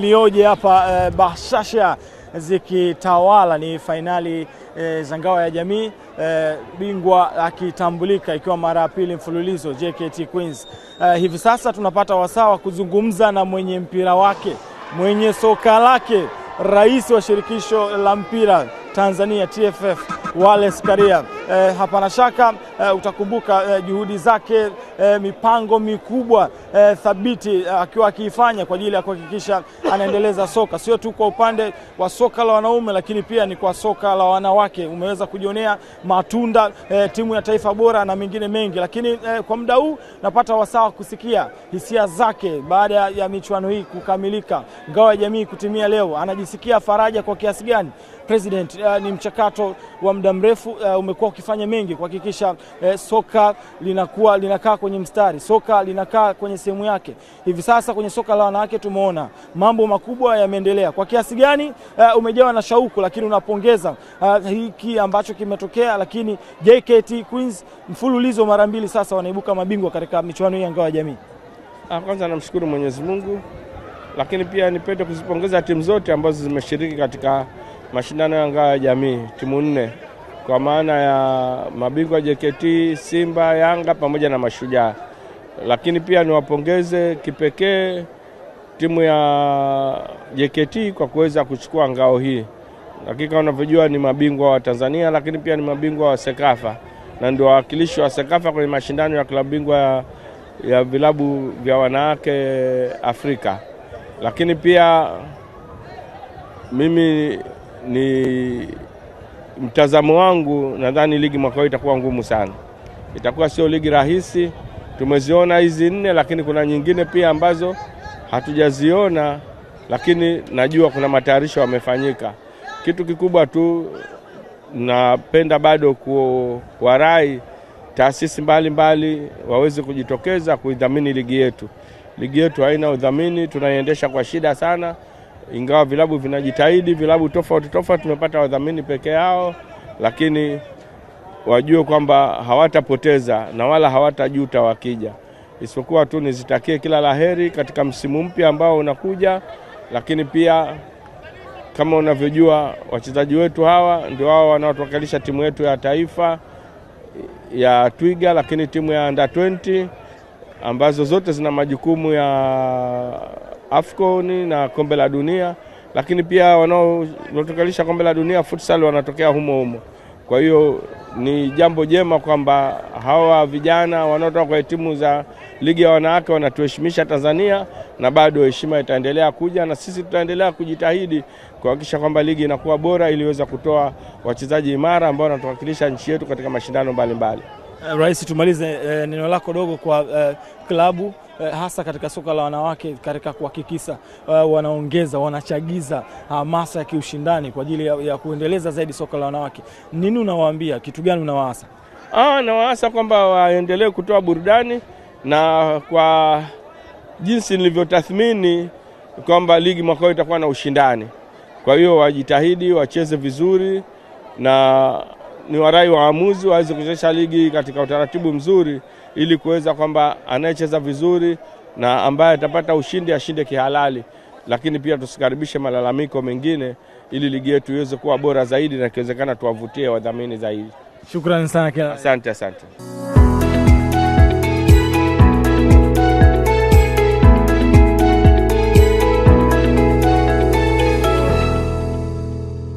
iliyoje hapa eh, bashasha zikitawala ni fainali e, za ngao ya jamii e, bingwa akitambulika ikiwa mara ya pili mfululizo JKT Queens. E, hivi sasa tunapata wasaa wa kuzungumza na mwenye mpira wake, mwenye soka lake, rais wa shirikisho la mpira Tanzania TFF Wallace Karia eh, hapana shaka eh, utakumbuka eh, juhudi zake eh, mipango mikubwa eh, thabiti eh, akiwa eh, akiifanya kwa ajili ya kuhakikisha anaendeleza soka sio tu kwa upande wa soka la wanaume, lakini pia ni kwa soka la wanawake. Umeweza kujionea matunda eh, timu ya taifa bora na mengine mengi, lakini eh, kwa muda huu napata wasawa kusikia hisia zake baada ya michuano hii kukamilika, ngao ya jamii kutimia leo, anajisikia faraja kwa kiasi gani? President, eh, ni mchakato wa muda mrefu eh, umekuwa wakifanya mengi kuhakikisha eh, soka linakuwa linakaa kwenye mstari, soka linakaa kwenye sehemu yake. Hivi sasa kwenye soka la wanawake tumeona mambo makubwa yameendelea kwa kiasi gani, eh, umejawa na shauku, lakini unapongeza eh, hiki ambacho kimetokea. Lakini JKT Queens mfululizo mara mbili sasa wanaibuka mabingwa katika michuano hii ya ngao ya jamii. Ah, kwanza namshukuru Mwenyezi Mungu, lakini pia nipende kuzipongeza timu zote ambazo zimeshiriki katika mashindano ya ngao ya jamii, timu nne kwa maana ya mabingwa JKT, Simba, Yanga pamoja na Mashujaa. Lakini pia niwapongeze kipekee timu ya JKT kwa kuweza kuchukua ngao hii. Hakika unavyojua ni mabingwa wa Tanzania, lakini pia ni mabingwa wa Sekafa na ndio wawakilishi wa Sekafa kwenye mashindano ya klabu bingwa ya, ya vilabu vya wanawake Afrika. Lakini pia mimi ni mtazamo wangu nadhani ligi mwaka huu itakuwa ngumu sana, itakuwa sio ligi rahisi. Tumeziona hizi nne, lakini kuna nyingine pia ambazo hatujaziona, lakini najua kuna matayarisho yamefanyika. Kitu kikubwa tu napenda bado kuwarai taasisi mbalimbali waweze kujitokeza kuidhamini ligi yetu. Ligi yetu haina udhamini, tunaiendesha kwa shida sana ingawa vilabu vinajitahidi, vilabu tofauti tofauti tumepata wadhamini peke yao, lakini wajue kwamba hawatapoteza na wala hawatajuta wakija, isipokuwa tu nizitakie kila laheri katika msimu mpya ambao unakuja. Lakini pia kama unavyojua, wachezaji wetu hawa ndio wao wanaotuwakilisha timu yetu ya taifa ya Twiga, lakini timu ya under 20 ambazo zote zina majukumu ya AFCON na kombe la dunia, lakini pia wanaotokalisha kombe la dunia futsal wanatokea humo humo. Kwa hiyo ni jambo jema kwamba hawa vijana wanaotoka kwenye timu za ligi ya wanawake wanatuheshimisha Tanzania, na bado heshima itaendelea kuja, na sisi tutaendelea kujitahidi kuhakikisha kwamba ligi inakuwa bora ili iweze kutoa wachezaji imara ambao wanatuwakilisha nchi yetu katika mashindano mbalimbali. Eh, Rais, tumalize eh, neno lako dogo kwa uh, klabu Eh, hasa katika soka la wanawake katika kuhakikisha eh, wanaongeza wanachagiza ah, hamasa ya kiushindani kwa ajili ya, ya kuendeleza zaidi soka la wanawake. Nini unawaambia, kitu gani unawaasa? Ah, nawaasa kwamba waendelee kutoa burudani na kwa jinsi nilivyotathmini kwamba ligi mwaka huu itakuwa na ushindani, kwa hiyo wajitahidi wacheze vizuri, na ni warai waamuzi waweze kuchezesha ligi katika utaratibu mzuri ili kuweza kwamba anayecheza vizuri na ambaye atapata ushindi ashinde kihalali, lakini pia tusikaribishe malalamiko mengine, ili ligi yetu iweze kuwa bora zaidi na ikiwezekana tuwavutie wadhamini zaidi. Shukrani sana kila. Asante, asante.